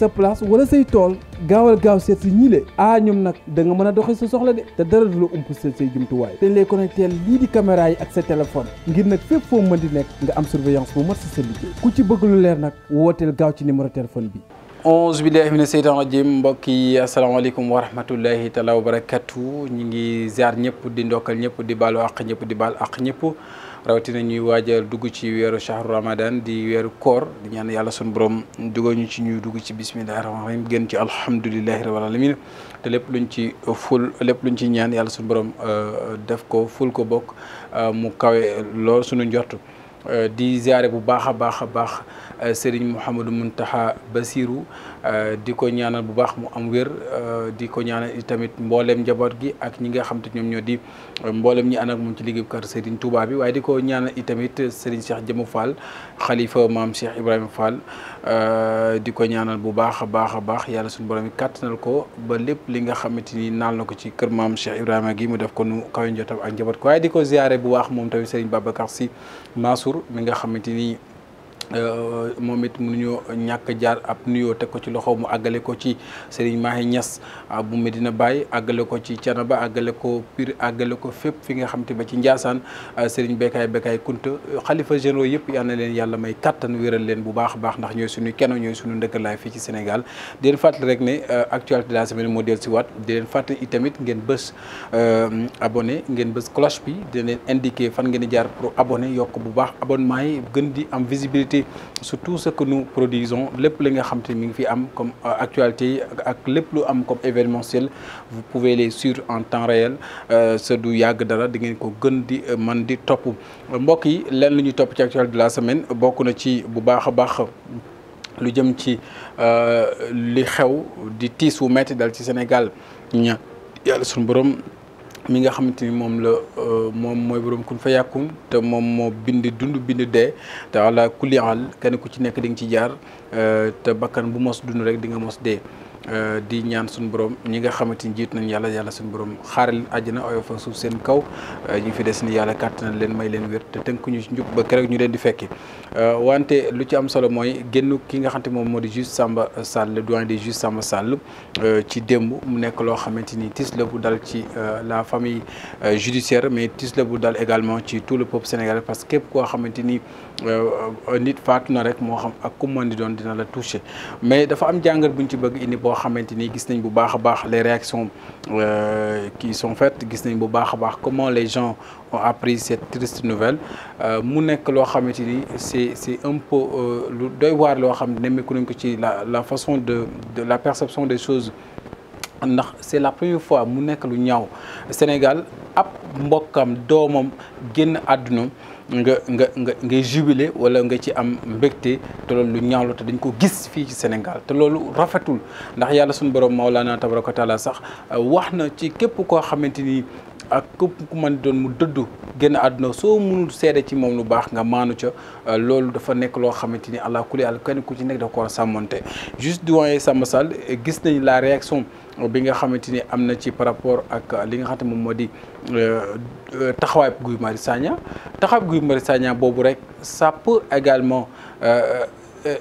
sa place wala say tool gaawal gaaw seet si ñiile ah ñoom nag da nga mën a doxee sa soxla de te dara du la ump sa say jumtuwaay te ñu lay connecté lii di caméra yi ak sa téléphone ngir nag fépp foo mën di nekk nga am surveillance bu mat si sa liggéey ku ci bëgg lu leer nag wooteel gaaw ci numéro téléphone bi. onze billahi mina seytaan rajim mbokk yi asalaamaaleykum wa rahmatullahi taala wa barakatu ñu ngi ziar ñëpp di ndokkal ñëpp di baalu àq ñëpp di baal àq ñëpp. rawatina ñuy waajal dugg ci weeru shahru ramadan di weeru koor di ñaan yàlla sun borom dugal ñu ci ñuy dugg ci bismillahi rahmaani rahim gën ci alhamdulillahi rabbil alamin te lépp lu luñ ci ful lépp lu luñ ci ñaan yàlla sun borom euh, def ko ful ko bokk euh, mu kawe lool sunu njort euh, di ziare bu baax a baax a baax Euh, Serigne Mouhamadou Mountakha Bassirou euh, di ko ñaanal bu baax mu am wér euh, di ko ñaanal itamit mboolem njaboot gi ak ñi nga xam ñoom ñoo di mboolem ñi ànd ak ci liggéeyu kër Serigne Touba bi waaye di ko ñaanal itamit Serigne Cheikh Jëmu Fall xalifa maam Cheikh Ibrahima Fall di ko ñaanal bu baax a baax a baax yàlla suñu borom yi kàttanal ko ba lépp li nga xamante ni naal na ko ci kër maam Cheikh Ibrahima gi mu def ko nu kawe ak njaboot ko waaye di ko ziyaare bu waax moom tamit Serigne Babacar Sy Mansour mi nga xamante ni Euh, moom it mënuñoo ñàkk jaar ab nuyoo teg ko ci loxo mu àggale ko ci Serigne Mahi Niass euh, bu Medina Baye àggale ko ci Thiénaba àggale ko Pire àggale ko fépp fi nga xam te ba ci Ndiassane euh, Serigne Bekay Bekay Kunta xalifa généraux yëpp yal na leen yàlla may kattan wéral leen bu baax a baax ndax ñooy suñu kenn ñooy suñu ndëkkalaay fii ci Sénégal di leen fàttali rek ne actualité de la semaine moo dellu si waat di leen fàttali itamit ngeen bës abonné ngeen bës cloche bi di leen indiqué di jaar pour abonné yokk bu baax aussi sur tout ce que nous produisons lépp li nga xam te mi ngi fi am comme euh, actualité yi ak lépp lu am comme événementiel vous pouvez les suivre en temps réel sa euh, du yàgg dara di ko gën di euh, man di topp mbokk yi lenn lu ñuy topp ci actualité de la semaine bokk na ci bu baax a baax lu jëm ci li xew di tiis wu metti dal ci Sénégal ña yàlla suñu mi nga xamante ni moom la euh, moom mooy borom kun fa yàkkun te moom moo bind dund bind dee te ala kulli haal kenn ku ci nekk di nga ci jaar euh, te bakkan bu mos dund rek di nga mos dee. Euh, di ñaan suñu borom ñi nga xamante ni jiitu nañ yàlla yàlla suñu borom xaaral àjjana oyofal suuf seen kaw euh, ñu fi des ni yàlla kàttanal leen may leen wér te tënkuñu ci njub ba keroog ñu leen di fekki euh, wante lu ci am solo mooy génn ki nga xamante moom moo di juge Samba Sall le doyen des juges Samba ci démb mu nekk loo xamante ni tis la bu dal ci la famille judiciaire mais tis la bu dal également ci tout le peuple sénégalais parce que képp koo xamante ni nit faatu na rek moo xam ak ku doon dina la touché mais dafa am jàngat buñ ci bëgg indi boo xamante ni gis nañ bu baax a baax les réactions euh, qui sont faites gis nañ bu baax a baax comment les gens ont appris cette triste nouvelle euh, mu nekk loo xamante ni c'est c'est un peu euh, lu doy waar loo xam ne nemmeeku nañ ko ci la la façon de de la perception des choses ndax c'est la première fois mu nekk lu ñaaw Sénégal ab mbokkam doomam génn adduna nga nga nga ngay jubilé wala nga ci am mbégte te loolu lu ñaawlu te dañ ko gis fii ci Sénégal te loolu rafetul ndax yàlla suñu borom Maolana tabaraka taala sax euh, wax na ci képp koo xamante ni ak képp ku mën doon mu dëddu génn àdduna soo mënul seede ci moom lu baax nga maanu ca euh, loolu dafa nekk loo xamante ni allah kulli al kenn ku ci nekk dafa ko war a sàmmonte juste doyen Samba Sall gis nañ la réaction. bi nga xamante ni am na ci par rapport ak euh, li nga xam te moom moo di euh, taxawaay Guy Marius Sagna taxawaay Guy Marius Sagna boobu rek ça également euh,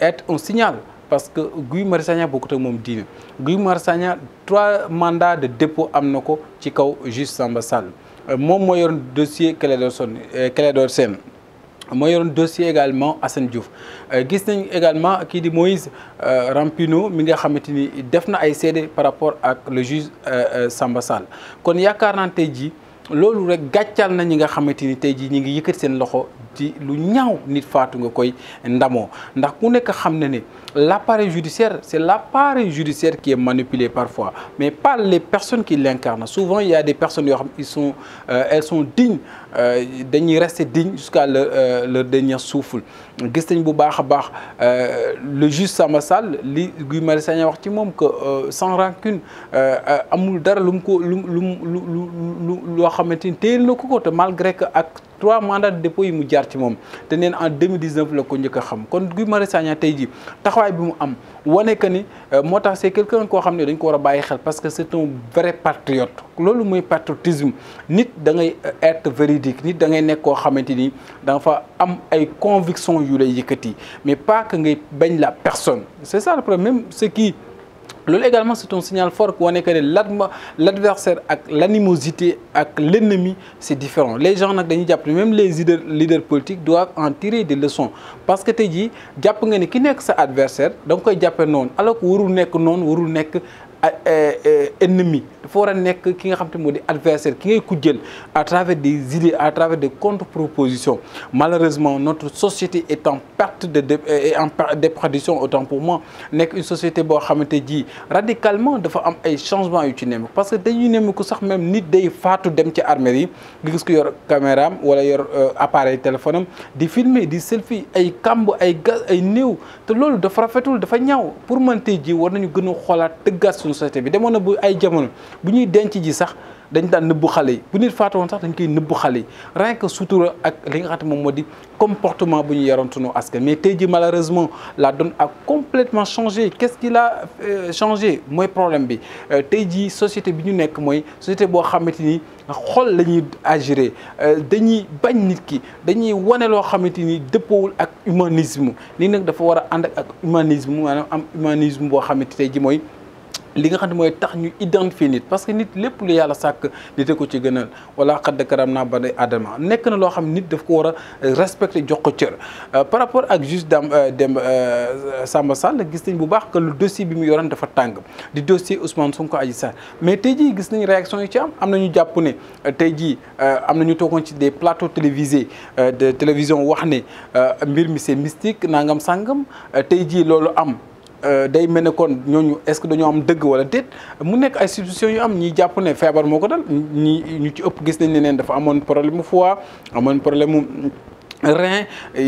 être un signal parce que Guy Marius Sagna bokkut ak moom diine Guy Marius Sagna trois mandats de dépôt am na ko ci kaw juge Samba Sall moom moo yoroon dossier Clédor Sène Clédor Sène moo yoroon dossier également Assane Diouf euh, gis nañ également kii di Moïse euh, Rampino mi nga xamante ni def na ay seede par rapport ak le juge euh, Samba Sall kon yaakaar naa tey jii loolu rek gàccal na ñi nga xamante ni tey jii ñi ngi yëkkati seen loxo ci lu ñaaw nit faatu nga koy ndamoo ndax ku nekk xam ne ne l'appareil judiciaire c'est l'appareil judiciaire qui est manipulé parfois mais pas les personnes qui l'incarnent souvent il y a des personnes yoo xam ils sont euh, elles sont dignes euh, dañuy rester dignes jusqu'à leur euh, leur dernier souffle gis nañ bu baax a baax euh, le juge Samba Sall li Guy Marius Sagna wax ci moom que euh, sans rancune euh, amul dara lu mu lu lu mu lu mu lu loo xamante ni téyel na ko ko te malgré que ak trois mandats de yi mu jaar ci moom te neen en 2019 la ko njëkk a xam kon Guy Marius Sagna tey ji taxawaay bi mu am wane que ni euh, moo tax c'est quelqu'un koo xam ne dañ ko war a bàyyi xel parce que c'est un vrai patriote loolu mooy patriotisme nit da ngay euh, être véridique nit da ngay nekk koo xamante ni da nga fa am ay conviction yu lay yëkkati mais pas que ngay bañ la personne c'est ça le problème même ce qui loolu également c'est un signal fort qu'on est que l'adversaire avec l'animosité avec l'ennemi c'est différent les gens même les leaders, leaders, politiques doivent en tirer des leçons parce que tu dis jàpp nga ni ki nek sa adversaire dang koy jappé non alors que warul nek non warul nek euh, euh, ennemi dafa war a nekk ki nga xam te moo di adversaire ki ngay kujjeel à travers de idées à travers des contre-propositions malheureusement notre société et en perte de est en déperdition autant pour moi nekk une société boo xamante ji radicalement dafa am ay changement yu ci nemmeeku parce que dañuy nemmeeku sax même nit day faatu dem ci armée yi nga gis ko yor caméra am wala yor euh, appareil téléphone am di filmer di selfie ay kamb ay gaz ay néew te loolu dafa rafetul dafa ñaaw pour man ji war nañu gën a xoolaat tëggaat suñu société bi demoon na bu ay jamono bu ñuy denc ji sax dañ daan nëbbu xale yi bu nit faatoon sax dañ koy nëbbu xale yi rien que ak li nga xam ne moom moo di comportement bu ñu yaroon sunu askan mais tey ji malheureusement la donne ak completement changé qu'est-ce qui l'a euh, changé mooy problème bi euh, tey ji société bi ñu nekk mooy société boo xamante ni xol la ñuy agiré euh, dañuy bañ nit ki dañuy wane loo xamante ni dëppoowul ak humanisme lii nag dafa war a ànd ak humanisme maanaam am humanisme boo xamante tey ji mooy li nga xam ne mooy tax ñu identifier nit parce que nit lépp lu yàlla sàkk nite ko ci gënal wala xadd karam naa ba adama nekk na loo xam nit daf ko war a respecté jox ko cër euh, par rapport ak juge Dame euh, Demba euh, Samba Sall gis nañ bu baax que le dossier bi mu yoroon dafa tàng di dossier Ousmane ko Adji Sarr mais tey jii gis nañ réaction yi ci am am na ñu jàpp ne tey jii am na ñu toogoon ci des plateaux télévisés de télévision wax ne mbir mi c'est mystique nangam sàngam tey jii loolu am Euh, day mel ne kon ñooñu est-ce que dañoo am dëgg wala déet mu nekk ay substitution yu am ñii jàpp ne feebar moo ko dal ñi ñu ci ëpp gis nañ ne neen dafa amoon problème mu foie amoon problème mu rein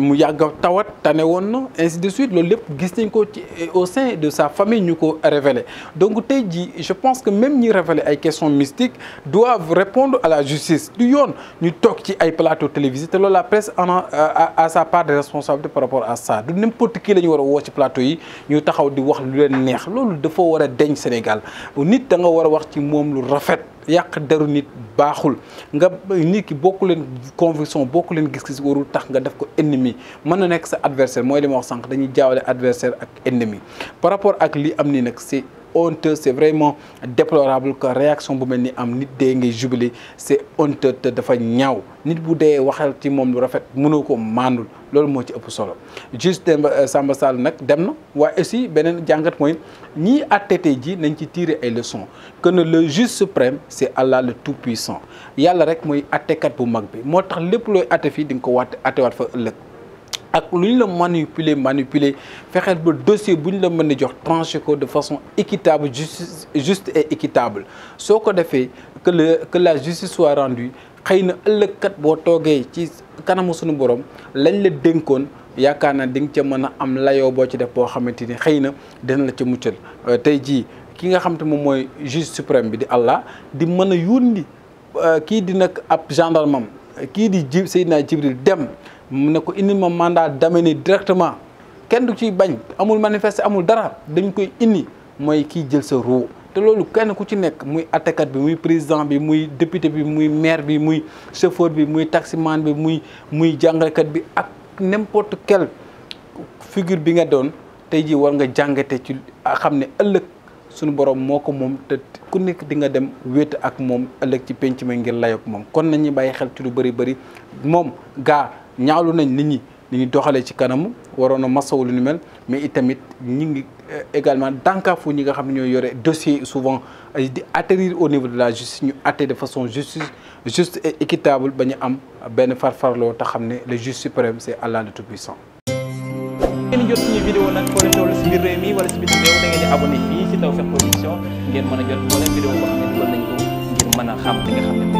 mu yàgg a tawat tane woon na ainsi de suite loolu lépp gis nañ ko ci au sein de sa famille ñu ko révélé donc tey jii je pense que même ñi révélé ay questions mystiques doivent répondre à la justice du yoon ñu toog ci ay plateau télévisé te loolu la presse en a à sa part de responsabilité par rapport à ça du n'importe qui la ñu war woo ci plateau yi ñu taxaw di wax lu leen neex loolu dafa war a deñ Sénégal nit da nga war a wax ci moom lu rafet yàq deru nit baaxul nga nit ki bokk leen conviction bokku leen gis-gis warul tax nga def ko ennemi mën na nekk sa adversaire mooy li ma wax sànq dañuy jaawale adversaire ak ennemi par rapport ak li am nii nag si honteux c' est vraiment déplorable que réaction bu mel ni am nit dee ngay jubile c' est te dafa ñaaw nit bu dee waxal ci moom lu rafet mënoo ko maandul loolu moo ci ëpp solo juste euh, Samba Sall nag dem na waaye aussi beneen jàngat mooy ñii àtteete ji nañ ci tiire ay leçons que le juge suprême c' est Allah le tout puissant yàlla rek mooy àttekat bu mag bi moo tax lépp looy àtte fii di nga ko waat àttewaat fa ëllëg. ak lu ñu la manipuler manipuler fexeel ba dossier bu ñu la mën a jox tranché ko de façon équitable justice juste et équitable soo ko defee que le que la justice soit rendue xëy na ëllëg kat boo toogee ci kanamu sunu borom lañ la dénkoon yaakaar naa di nga ca mën a am layoo boo ci def boo xamante ni xëy na dina la ca muccal euh, tey jii ki nga xam te moom mooy juge suprême bi di Allah di mën a yónni euh, kii di nag ab gendarme am kii di ji Seydina Jibril dem. mu ne ko indi ma mandat d'amener directement kenn du ciy bañ amul manifester amul dara dañ koy indi mooy kiy jël sa ruu te loolu kenn ku ci nekk muy atekat bi muy président bi muy député bi muy maire bi muy chauffeur bi muy taximan bi muy muy jàngalekat bi ak n'importe quelle figure bi nga doon tey jii war nga jàngate ci xam ne ëllëg sunu borom moo ko moom te ku nekk di nga dem wéet ak moom ëllëg ci penc ma ngir layoog moom kon nañu bàyyi xel ci lu bëri bëri moom gaa ñaawlu nañ nit ñi ni ñu doxalee ci kanam waroon a masawu lu ni mel mais itamit ñi ngi euh, également dànkaafu ñi nga xam ne ñooy yore dossier souvent euh, di atterrir au niveau de la justice ñu atte de façon justice juste et équitable ba ñu am benn farfarloo ta xam ne le juge suprême c' est Allah le tout puissant. a jot moo leen a xam